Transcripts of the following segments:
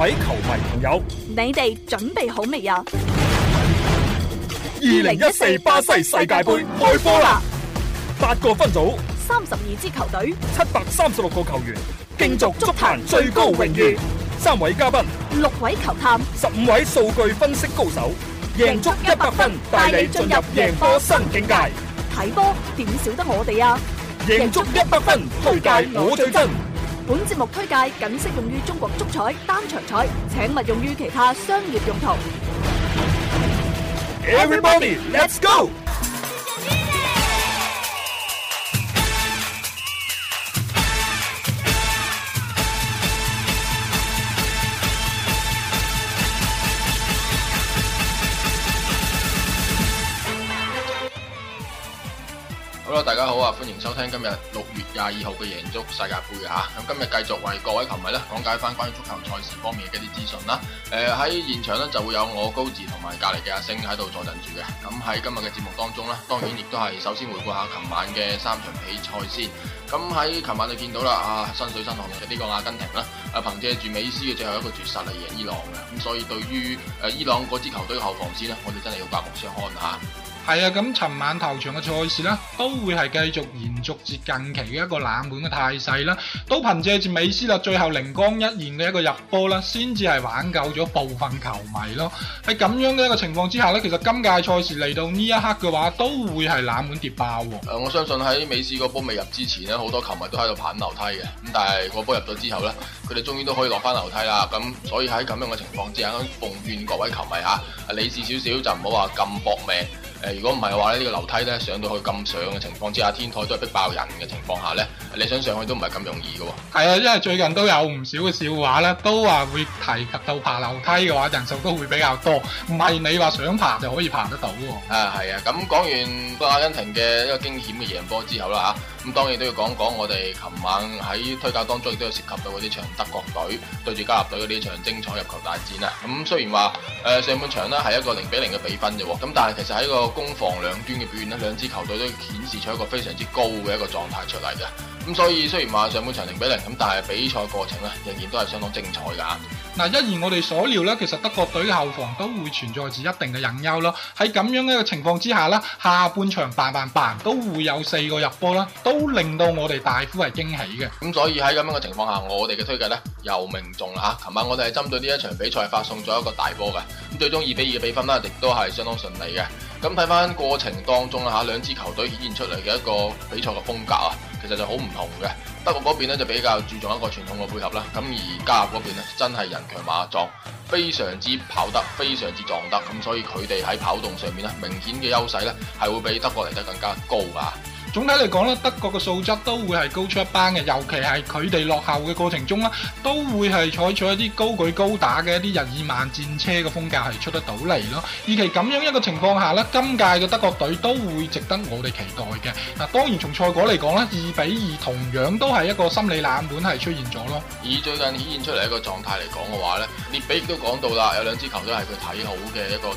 各位球迷朋友，你哋準備好未呀？二零一四巴西世界盃開波啦！八個分組，三十二支球隊，七百三十六個球員，競逐足壇最高榮譽。三位嘉賓，六位球探，十五位數據分析高手，贏足一百分，帶你進入贏波新境界。睇波點少得我哋呀？贏足一百分推介我最真。本節目推介，僅適用於中國足彩、單場彩，請勿用於其他商業用途。Everybody, let's go! Hello，大家好啊，歡迎收聽今日六廿二號嘅贏足世界杯嘅，吓，咁今日繼續為各位球迷咧講解翻，關於足球賽事方面嘅一啲資訊啦。誒、呃、喺現場咧就會有我高志同埋隔籬嘅阿星喺度坐鎮住嘅。咁、呃、喺今日嘅節目當中咧，當然亦都係首先回顧下琴晚嘅三場比賽先。咁喺琴晚就見到啦，啊身水身汗嘅呢個阿根廷啦，啊憑借住美斯嘅最後一個絕殺嚟，贏伊朗嘅。咁、呃、所以對於誒、呃、伊朗嗰支球隊嘅後防線咧，我哋真係要刮目相看吓。係啊，咁，尋晚頭場嘅賽事啦，都會係繼續延續至近期嘅一個冷門嘅態勢啦。都憑借住美斯啦，最後靈光一現嘅一個入波啦，先至係挽救咗部分球迷咯。喺咁樣嘅一個情況之下呢，其實今屆賽事嚟到呢一刻嘅話，都會係冷門跌爆、哦。喎、呃。我相信喺美斯個波未入之前呢，好多球迷都喺度爬緊樓梯嘅。咁但係個波入咗之後呢，佢哋終於都可以落翻樓梯啦。咁所以喺咁樣嘅情況之下，奉勸各位球迷吓、啊，理智少少就唔好話咁搏命。誒，如果唔係嘅話咧，這個、樓呢個樓梯咧上到去，咁上嘅情況之下，天台都係逼爆人嘅情況下咧，你想上去都唔係咁容易㗎喎、哦。係啊，因為最近都有唔少嘅笑話呢都話會提及到爬樓梯嘅話，人數都會比較多，唔係你話想爬就可以爬得到喎、哦。啊，係啊，咁、嗯、講完個阿根廷嘅一個驚險嘅贏波之後啦嚇。咁當然都要講講，我哋琴晚喺推介當中亦都有涉及到嗰啲場德國隊對住加納隊嗰啲場精彩入球大戰啦。咁雖然話誒上半場呢係一個零比零嘅比分啫，咁但係其實喺個攻防兩端嘅表現呢，兩支球隊都顯示出一個非常之高嘅一個狀態出嚟嘅。咁所以雖然話上半場零比零，咁但係比賽過程呢，仍然都係相當精彩㗎。嗱，一如我哋所料咧，其實德國隊嘅後防都會存在住一定嘅隱憂咯。喺咁樣一個情況之下咧，下半場扮扮扮都會有四個入波啦，都令到我哋大呼係驚喜嘅。咁所以喺咁樣嘅情況下，我哋嘅推介咧又命中啦吓。琴晚我哋係針對呢一場比賽是發送咗一個大波嘅，咁最終二比二嘅比分咧亦都係相當順利嘅。咁睇翻過程當中啦吓，兩支球隊顯現出嚟嘅一個比賽嘅風格啊。其實就好唔同嘅，德國嗰邊咧就比較注重一個傳統嘅配合啦，咁而加納嗰邊咧真係人強馬壯，非常之跑得，非常之撞得，咁所以佢哋喺跑動上面咧，明顯嘅優勢咧係會比德國嚟得更加高噶。總體嚟講咧，德國嘅素質都會係高出一班嘅，尤其係佢哋落後嘅過程中啦，都會係採取一啲高舉高打嘅一啲日耳曼戰車嘅風格係出得到嚟咯。以其咁樣一個情況下咧，今屆嘅德國隊都會值得我哋期待嘅。嗱，當然從賽果嚟講咧，二比二同樣都係一個心理冷門係出現咗咯。以最近顯現出嚟一個狀態嚟講嘅話咧，列比亦都講到啦，有兩支球都係佢睇好嘅一個。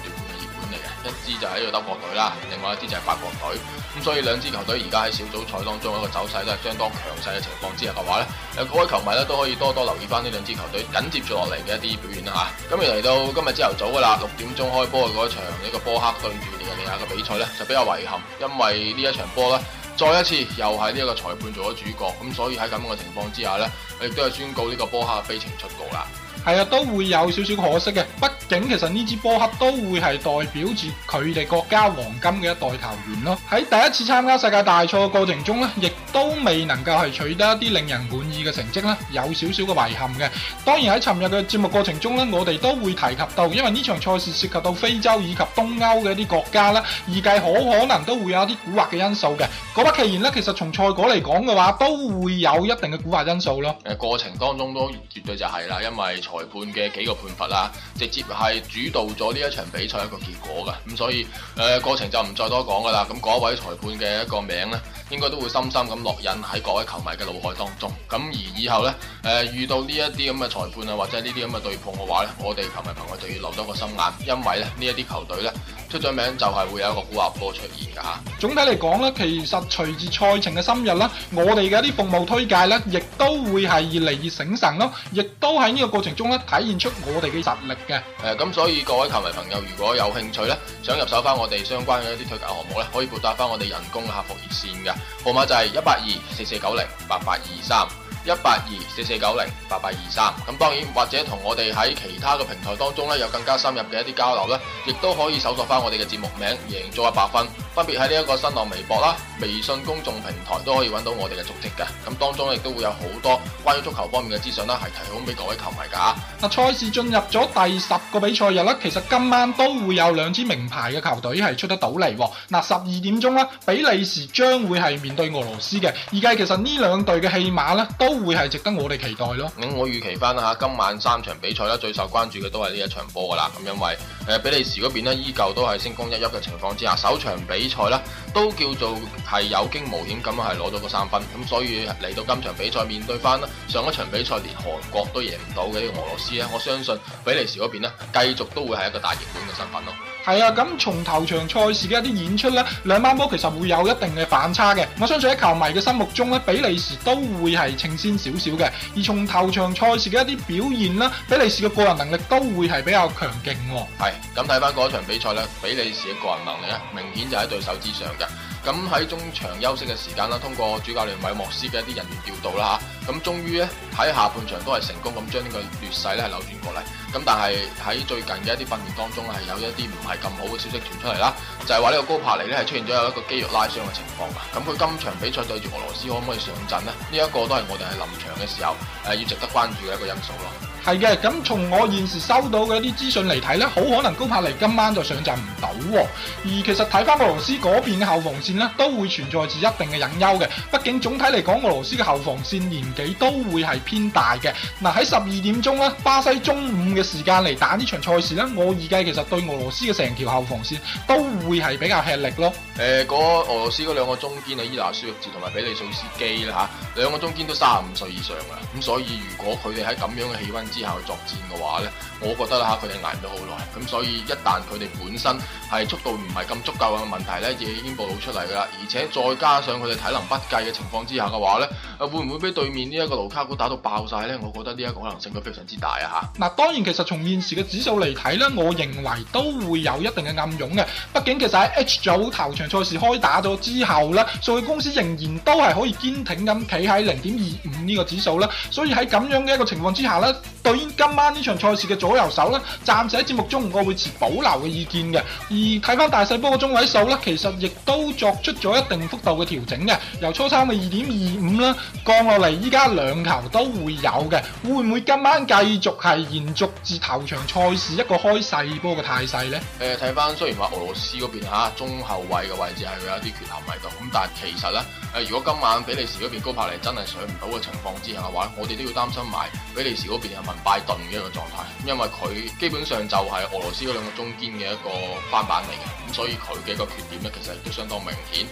一支就係喺度德國隊啦，另外一支就係法國隊，咁所以兩支球隊而家喺小組賽當中一個走勢都係相當強勢嘅情況之下嘅話咧，各位球迷咧都可以多多留意翻呢兩支球隊緊接住落嚟嘅一啲表現啦嚇。咁而嚟到今日朝頭早嘅啦，六點鐘開波嘅嗰場呢、呢個波克對住尼日利亞嘅呢一個比賽咧，就比較遺憾，因為呢一場波咧，再一次又係呢一個裁判做咗主角，咁所以喺咁嘅情況之下咧，我亦都係宣告呢個波克嘅悲情出局啦。係啊，都會有少少可惜嘅。畢竟其實呢支波克都會係代表住佢哋國家黃金嘅一代球員咯。喺第一次參加世界大賽嘅過程中咧，亦都未能夠係取得一啲令人滿嘅成績咧，有少少嘅遺憾嘅，當然喺尋日嘅節目過程中咧，我哋都會提及到，因為呢場賽事涉及到非洲以及東歐嘅一啲國家啦，預計好可能都會有一啲蠱惑嘅因素嘅。果不其然咧，其實從賽果嚟講嘅話，都會有一定嘅蠱惑因素咯。誒、呃，過程當中都絕對就係啦，因為裁判嘅幾個判罰啦、啊，直接係主導咗呢一場比賽一個結果噶。咁所以誒、呃，過程就唔再多講噶啦。咁嗰一位裁判嘅一個名咧。應該都會深深咁烙印喺各位球迷嘅腦海當中。咁而以後呢，誒、呃、遇到呢一啲咁嘅裁判啊，或者呢啲咁嘅對碰嘅話咧，我哋球迷朋友就要留多個心眼，因為咧呢一啲球隊呢。出咗名就係、是、會有一個古惑波出現㗎嚇。總體嚟講咧，其實隨住賽程嘅深入咧，我哋嘅一啲服務推介咧，亦都會係越嚟越醒神咯。亦都喺呢個過程中咧，體現出我哋嘅實力嘅。誒、呃，咁所以各位球迷朋友，如果有興趣咧，想入手翻我哋相關嘅一啲推介項目咧，可以撥打翻我哋人工客服熱線嘅號碼，就係一八二四四九零八八二三。一八二四四九零八八二三。咁，當然或者同我哋喺其他嘅平台當中咧，有更加深入嘅一啲交流呢，亦都可以搜索翻我哋嘅節目名，贏足一百分。分別喺呢一個新浪微博啦、微信公眾平台都可以揾到我哋嘅足跡嘅。咁當中亦都會有好多關於足球方面嘅資訊啦，係提供俾各位球迷噶。嗱，賽事進入咗第十個比賽日啦，其實今晚都會有兩支名牌嘅球隊係出得到嚟喎。嗱，十二點鐘啦，比利時將會係面對俄羅斯嘅。而家其實呢兩隊嘅戲碼呢，都都會係值得我哋期待咯。咁我預期翻啦吓，今晚三場比賽咧，最受關注嘅都係呢一場波噶啦。咁因為誒，比利時嗰邊呢，依舊都係星光熠熠嘅情況之下，首場比賽咧，都叫做係有驚無險咁樣係攞咗個三分。咁所以嚟到今場比賽面對翻上一場比賽連韓國都贏唔到嘅呢個俄羅斯咧，我相信比利時嗰邊呢，繼續都會係一個大熱門嘅身份咯。係啊，咁從頭場賽事嘅一啲演出咧，兩班波其實會有一定嘅反差嘅。我相信喺球迷嘅心目中咧，比利時都會係呈先少少嘅。而從頭場賽事嘅一啲表現啦，比利時嘅個人能力都會係比較強勁。係，咁睇翻嗰一場比賽咧，比利時嘅個人能力咧，明顯就喺對手之上嘅。咁喺中場休息嘅時間啦，通過主教練韋莫斯嘅一啲人員調度啦吓，咁終於咧喺下半場都係成功咁將呢個劣勢咧扭轉過嚟。咁但係喺最近嘅一啲訓練當中係有一啲唔係咁好嘅消息傳出嚟啦，就係話呢個高柏尼呢係出現咗有一個肌肉拉傷嘅情況嘅。咁佢今場比賽對住俄羅斯可唔可以上陣呢？呢、這、一個都係我哋喺臨場嘅時候誒要值得關注嘅一個因素咯。係嘅，咁從我現時收到嘅一啲資訊嚟睇呢，好可能高柏尼今晚就上陣唔到喎。而其實睇翻俄羅斯嗰邊嘅後防線呢，都會存在住一定嘅隱憂嘅。畢竟總體嚟講，俄羅斯嘅後防線年紀都會係偏大嘅。嗱喺十二點鐘呢，巴西中午時間嚟打呢場賽事呢，我預計其實對俄羅斯嘅成條後防線都會係比較吃力咯。誒、呃，那個、俄羅斯嗰兩個中堅啊，伊達舒日同埋比利索斯基啦吓，兩、啊、個中堅都三十五歲以上啦。咁所以如果佢哋喺咁樣嘅氣溫之下作戰嘅話呢，我覺得吓佢哋捱唔到好耐。咁所以一旦佢哋本身係速度唔係咁足夠嘅問題咧，已經暴露出嚟噶啦。而且再加上佢哋體能不濟嘅情況之下嘅話呢，啊、會唔會俾對面呢一個盧卡古打到爆晒呢？我覺得呢一個可能性都非常之大啊吓。嗱、啊，當然其實從現時嘅指數嚟睇咧，我認為都會有一定嘅暗湧嘅。畢竟其實喺 H 組頭場賽事開打咗之後咧，數據公司仍然都係可以堅挺咁企喺零點二五呢個指數啦。所以喺咁樣嘅一個情況之下咧，對於今晚呢場賽事嘅左右手咧，暫時喺節目中我會持保留嘅意見嘅。而睇翻大細波嘅中位數咧，其實亦都作出咗一定幅度嘅調整嘅，由初三嘅二點二五啦，降落嚟依家兩球都會有嘅。會唔會今晚繼續係延續？至頭場賽事一個開細波嘅態勢呢。誒睇翻雖然話俄羅斯嗰邊中後衞嘅位置係佢有啲缺陷喺度，咁但係其實呢，誒如果今晚比利時嗰邊高帕尼真係上唔到嘅情況之下嘅話，我哋都要擔心埋比利時嗰邊阿文拜頓嘅一個狀態，因為佢基本上就係俄羅斯嗰兩個中堅嘅一個翻版嚟嘅，咁所以佢嘅一個缺點呢，其實都相當明顯，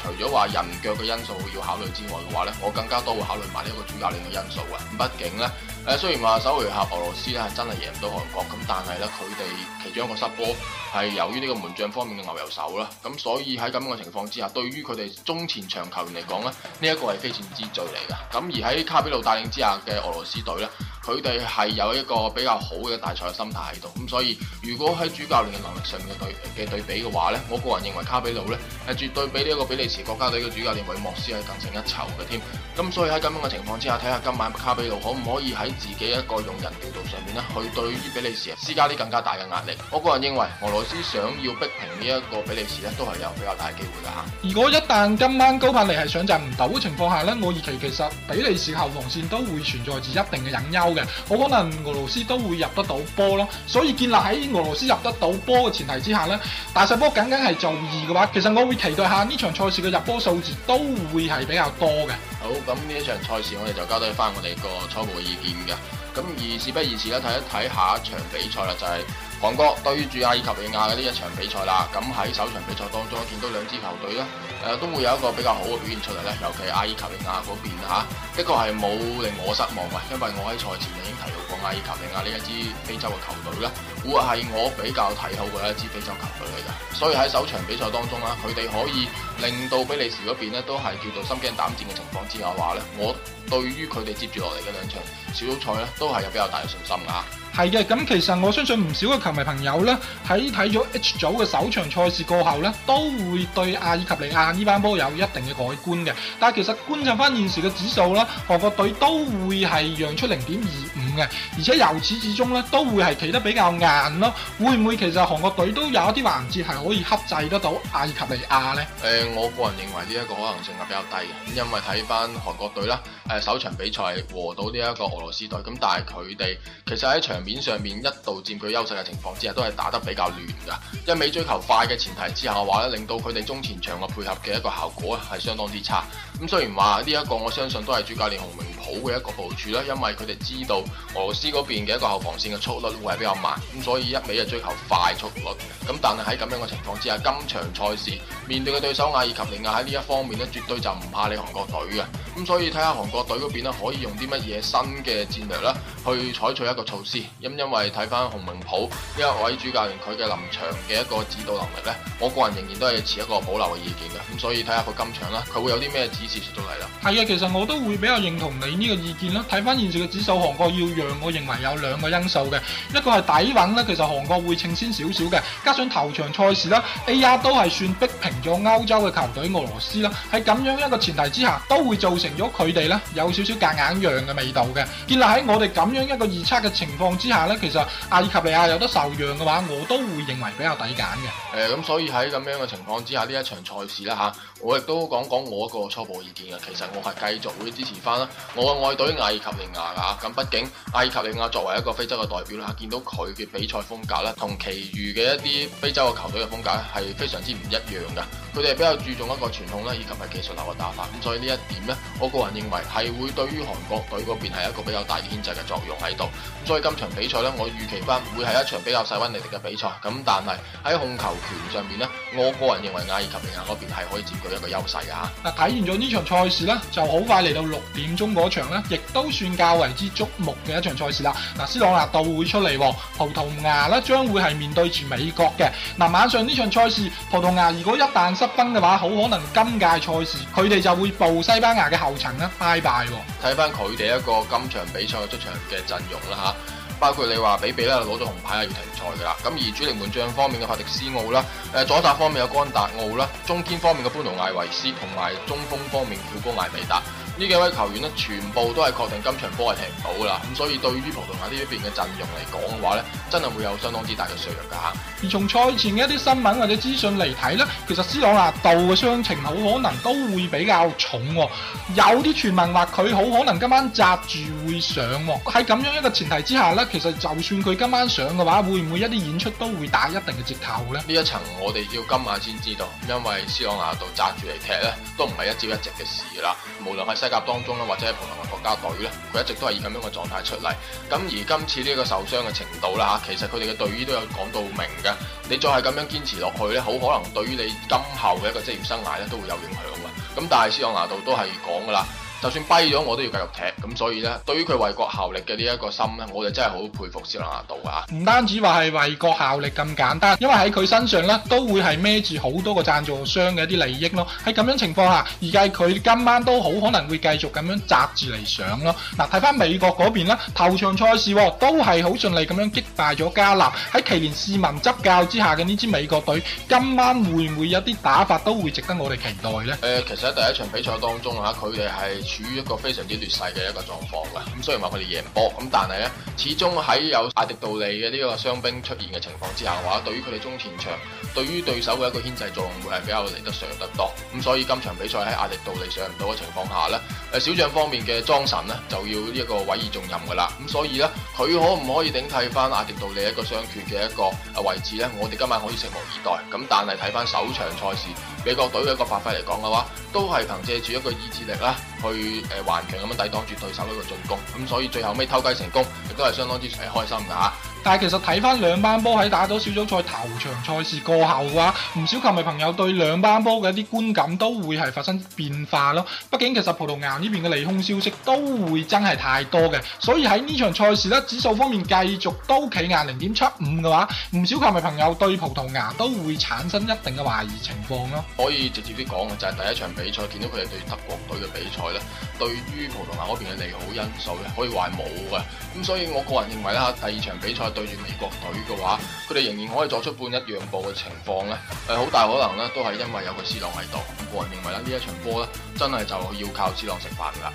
除咗話人腳嘅因素要考慮之外嘅話呢，我更加多會考慮埋呢一個主教練嘅因素啊，畢竟呢。誒雖然話首回合俄羅斯咧係真係贏唔到韓國，咁但係咧佢哋其中一個失波係由於呢個門將方面嘅牛油手啦，咁所以喺咁嘅情況之下，對於佢哋中前場球員嚟講咧，呢、這、一個係非戰之罪嚟嘅。咁而喺卡比路帶領之下嘅俄羅斯隊咧。佢哋係有一個比較好嘅大賽嘅心態喺度，咁所以如果喺主教練嘅能力上面嘅對嘅對比嘅話呢，我個人認為卡比魯呢係絕對比呢一個比利時國家隊嘅主教練韋莫斯係更勝一籌嘅添。咁所以喺咁樣嘅情況之下，睇下今晚卡比魯可唔可以喺自己一個用人條度上面呢去對於比利時施加啲更加大嘅壓力。我個人認為俄羅斯想要逼平呢一個比利時呢，都係有比較大嘅機會噶嚇。如果一旦今晚高柏尼係上陣唔到嘅情況下呢，我預期其實比利時後防線都會存在住一定嘅隱憂。好，可能俄羅斯都會入得到波咯，所以建立喺俄羅斯入得到波嘅前提之下呢，大細波僅僅係做二嘅話，其實我會期待下呢場賽事嘅入波數字都會係比較多嘅。好，咁呢一場賽事我哋就交代翻我哋個初步嘅意見噶，咁而事不宜遲咧，睇一睇下一場比賽啦，就係、是。韓國對住阿爾及利亞嘅呢一場比賽啦，咁喺首場比賽當中，見到兩支球隊咧，誒都會有一個比較好嘅表現出嚟咧，尤其係阿爾及利亞嗰邊吓，的確係冇令我失望啊，因為我喺賽前已經提到過阿爾及利亞呢一支非洲嘅球隊咧。會係我比較睇好嘅一支非洲球隊嚟㗎，所以喺首場比賽當中啦，佢哋可以令到比利時嗰邊呢都係叫做心驚膽戰嘅情況之下話咧，我對於佢哋接住落嚟嘅兩場小組賽咧，都係有比較大嘅信心啊！係嘅，咁其實我相信唔少嘅球迷朋友呢，喺睇咗 H 組嘅首場賽事過後呢，都會對阿爾及利亞呢班波有一定嘅改觀嘅。但係其實觀察翻現時嘅指數咧，韓國隊都會係讓出零點二五嘅，而且由始至終呢，都會係企得比較硬。會咯，會唔會其實韓國隊都有一啲環節係可以克制得到阿爾及利亞呢？誒、呃，我個人認為呢一個可能性係比較低嘅，因為睇翻韓國隊啦，誒、呃、首場比賽和到呢一個俄羅斯隊，咁但係佢哋其實喺場面上面一度佔據優勢嘅情況之下，都係打得比較亂噶，一味追求快嘅前提之下話話咧，令到佢哋中前場嘅配合嘅一個效果係相當之差。咁雖然話呢一個我相信都係主教練洪明甫嘅一個部署啦，因為佢哋知道俄羅斯嗰邊嘅一個後防線嘅速率會係比較慢。所以一味啊追求快速率，咁但係喺咁樣嘅情況之下，今場賽事面對嘅對手阿爾及利亞喺呢一方面咧，絕對就唔怕你韓國隊嘅，咁所以睇下韓國隊嗰邊咧可以用啲乜嘢新嘅戰略啦，去採取一個措施，咁因為睇翻洪明甫呢一位主教練佢嘅臨場嘅一個指導能力咧，我個人仍然都係持一個保留嘅意見嘅，咁所以睇下個今場啦，佢會有啲咩指示出到嚟啦。係啊，其實我都會比較認同你呢個意見啦，睇翻現時嘅指數，韓國要讓我認為有兩個因素嘅，一個係底蘊。其實韓國會稱先少少嘅，加上頭場賽事啦，A. R. 都係算逼平咗歐洲嘅球隊俄羅斯啦。喺咁樣一個前提之下，都會造成咗佢哋呢有少少隔硬讓嘅味道嘅。建立喺我哋咁樣的一個預測嘅情況之下呢，其實阿爾及利亞有得受讓嘅話，我都會認為比較抵揀嘅、嗯。誒，咁所以喺咁樣嘅情況之下，呢一場賽事啦吓、啊，我亦都講講我一個初步意見嘅。其實我係繼續會支持翻啦，我嘅愛隊阿爾及利亞噶。咁畢、啊、竟阿爾及利亞作為一個非洲嘅代表啦、啊，見到佢嘅比比賽風格咧，同其餘嘅一啲非洲嘅球隊嘅風格咧，係非常之唔一樣噶。佢哋比較注重一個傳控啦，以及係技術流嘅打法。咁所以呢一點咧，我個人認為係會對於韓國隊嗰邊係一個比較大嘅牽制嘅作用喺度。咁所以今場比賽咧，我預期翻會係一場比較細分力嘅比賽。咁但係喺控球權上邊咧，我個人認為亞爾及利亞嗰邊係可以佔據一個優勢㗎吓。嗱，睇完咗呢場賽事咧，就好快嚟到六點鐘嗰場咧，亦都算較為之矚目嘅一場賽事啦。嗱，C 朗拿度會出嚟，葡萄牙咧將會係面對住美國嘅。嗱，晚上呢場賽事，葡萄牙如果一旦～得分嘅話，好可能今屆賽事佢哋就會步西班牙嘅後塵啦，拜拜。睇翻佢哋一個今場比賽出場嘅陣容啦吓，包括你話比比咧攞咗紅牌啊，要停賽噶啦。咁而主力門將方面嘅法迪斯奧啦，誒左閘方面嘅岡達奧啦，中堅方面嘅潘奴艾維斯同埋中鋒方面的小哥艾梅達。呢幾位球員咧，全部都係確定今場波係踢唔到噶啦，咁所以對於葡萄牙呢一邊嘅陣容嚟講嘅話咧，真係會有相當之大嘅削弱噶嚇。而從賽前嘅一啲新聞或者資訊嚟睇咧，其實斯朗拿度嘅傷情好可能都會比較重喎、哦，有啲傳聞話佢好可能今晚紮住會上喎、哦。喺咁樣一個前提之下咧，其實就算佢今晚上嘅話，會唔會一啲演出都會打一定嘅折扣咧？呢一層我哋要今晚先知道，因為斯朗拿度紮住嚟踢咧，都唔係一朝一夕嘅事啦。無論係。西甲當中啦，或者係葡萄牙國家隊咧，佢一直都係以咁樣嘅狀態出嚟。咁而今次呢個受傷嘅程度啦，吓，其實佢哋嘅隊醫都有講到明嘅。你再係咁樣堅持落去咧，好可能對於你今後嘅一個職業生涯咧都會有影響嘅。咁但係 C 朗拿度都係講噶啦。就算跛咗，我都要繼續踢。咁所以呢，對於佢為國效力嘅呢一個心呢，我哋真係好佩服 C 朗拿度啊！唔單止話係為國效力咁簡單，因為喺佢身上呢，都會係孭住好多個贊助商嘅一啲利益咯。喺咁樣情況下，而家佢今晚都好可能會繼續咁樣擳住嚟上咯。嗱，睇翻美國嗰邊咧，頭場賽事、哦、都係好順利咁樣擊敗咗加納。喺奇連士文執教之下嘅呢支美國隊，今晚會唔會有啲打法都會值得我哋期待呢？誒、呃，其實喺第一場比賽當中啊，佢哋係。處於一個非常之劣勢嘅一個狀況嘅，咁雖然話佢哋贏波，咁但係咧，始終喺有阿迪杜利嘅呢個傷兵出現嘅情況之下嘅話，對於佢哋中前場，對於對手嘅一個牽制作用會係比較嚟得上得多。咁所以今場比賽喺阿迪杜利上唔到嘅情況下咧，誒、小將方面嘅莊神咧就要呢一個委以重任嘅啦。咁所以咧，佢可唔可以頂替翻阿迪杜利一個傷缺嘅一個位置咧？我哋今晚可以拭目以待。咁但係睇翻首場賽事。美國隊一個發揮嚟講嘅話，都係憑借住一個意志力啦，去誒頑強咁樣抵擋住對手的一個進攻，咁所以最後尾偷雞成功，亦都係相當之開心嘅。但係其實睇翻兩班波喺打到小組賽頭場賽事過後嘅話，唔少球迷朋友對兩班波嘅一啲觀感都會係發生變化咯。畢竟其實葡萄牙呢邊嘅利空消息都會真係太多嘅，所以喺呢場賽事咧，指數方面繼續都企硬零點七五嘅話，唔少球迷朋友對葡萄牙都會產生一定嘅懷疑情況咯。可以直接啲講嘅就係第一場比賽見到佢哋對德國隊嘅比賽咧，對於葡萄牙嗰邊嘅利好因素咧，可以話冇嘅。咁所以我個人認為啦，第二場比賽。對住美國隊嘅話，佢哋仍然可以作出半一讓步嘅情況呢，係好大可能呢，都係因為有個思朗喺度。個人認為咧，呢一場波呢，真係就要靠思朗食飯噶啦。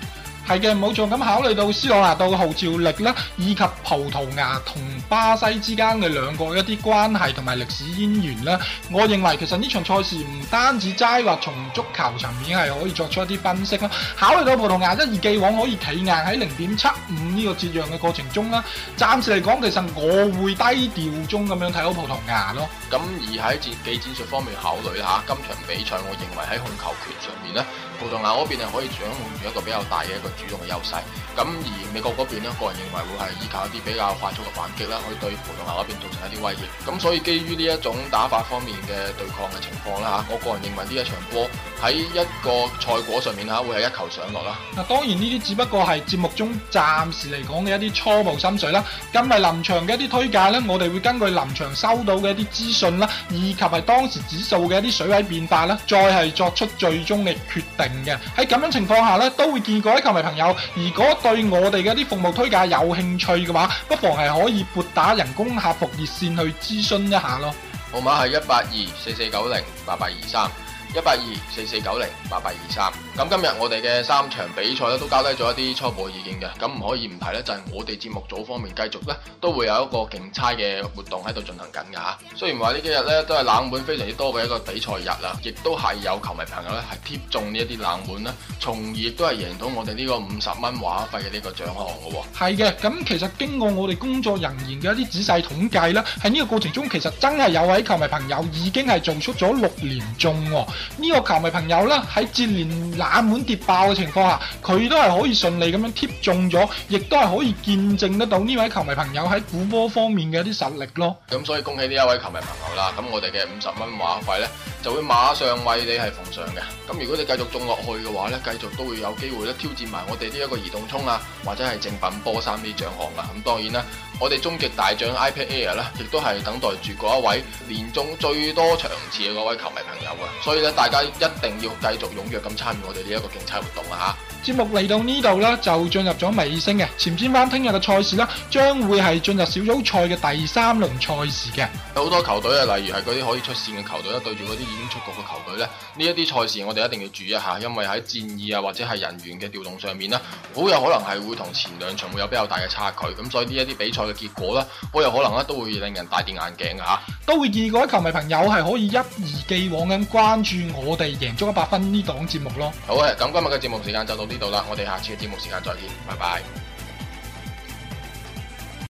係嘅，冇錯。咁考慮到斯洛納度嘅號召力啦，以及葡萄牙同巴西之間嘅兩個一啲關係同埋歷史淵源啦，我認為其實呢場賽事唔單止齋話從足球層面係可以作出一啲分析啦。考慮到葡萄牙一如既往可以企硬喺零點七五呢個節量嘅過程中啦，暫時嚟講其實我會低調中咁樣睇好葡萄牙咯。咁而喺戰技戰術方面考慮下，今場比賽我認為喺控球權上面咧，葡萄牙嗰邊係可以掌控住一個比較大嘅一個主動嘅優勢，咁而美國嗰邊咧，個人認為會係依靠一啲比較快速嘅反擊啦，去對葡萄牙嗰邊造成一啲威脅，咁所以基於呢一種打法方面嘅對抗嘅情況啦，吓我個人認為呢一場波。喺一個賽果上面吓，會係一球上落啦。嗱，當然呢啲只不過係節目中暫時嚟講嘅一啲初步心水啦。今日臨場嘅一啲推介呢，我哋會根據臨場收到嘅一啲資訊啦，以及係當時指數嘅一啲水位變化呢，再係作出最終嘅決定嘅。喺咁樣情況下呢，都會建議各位球迷朋友，如果對我哋嘅一啲服務推介有興趣嘅話，不妨係可以撥打人工客服熱線去諮詢一下咯。號碼係一八二四四九零八八二三。一八二四四九零八八二三，咁今日我哋嘅三場比賽咧都交低咗一啲初步意見嘅，咁唔可以唔提咧就係我哋節目組方面繼續咧都會有一個競猜嘅活動喺度進行緊嘅吓。雖然話呢幾日咧都係冷門非常之多嘅一個比賽日啦，亦都係有球迷朋友咧係貼中呢一啲冷門啦，從而亦都係贏到我哋呢個五十蚊話費嘅呢個獎項嘅喎。係嘅，咁其實經過我哋工作人員嘅一啲仔細統計啦，喺呢個過程中其實真係有位球迷朋友已經係做出咗六年中，哦。呢個球迷朋友啦，喺接連冷門跌爆嘅情況下，佢都係可以順利咁樣貼中咗，亦都係可以見證得到呢位球迷朋友喺鼓波方面嘅一啲實力咯。咁所以恭喜呢一位球迷朋友啦！咁我哋嘅五十蚊話費咧，就會馬上為你係奉上嘅。咁如果你繼續中落去嘅話呢，繼續都會有機會咧，挑戰埋我哋呢一個移動充啊，或者係正品波衫呢獎項啊。咁當然啦，我哋終極大獎 iPad Air 咧，亦都係等待住嗰一位連中最多場次嘅嗰位球迷朋友嘅，所以咧，大家一定要繼續踴躍咁參與我哋呢一個競猜活動啊嚇。節目嚟到這裏呢度啦，就進入咗尾聲嘅。前瞻翻聽日嘅賽事啦，將會係進入小組賽嘅第三輪賽事嘅。好多球隊啊，例如係嗰啲可以出線嘅球隊啦，對住嗰啲已經出局嘅球隊咧，呢一啲賽事我哋一定要注意一下，因為喺戰意啊或者係人員嘅調動上面咧，好有可能係會同前兩場會有比較大嘅差距。咁所以呢一啲比賽嘅結果咧，好有可能咧都會令人大跌眼鏡嘅吓，都會意改球迷朋友係可以一如既往咁關注我哋贏足一百分呢檔節目咯。好嘅，咁今日嘅節目時間就到。呢度啦，我哋下次嘅節目時間再見，拜拜。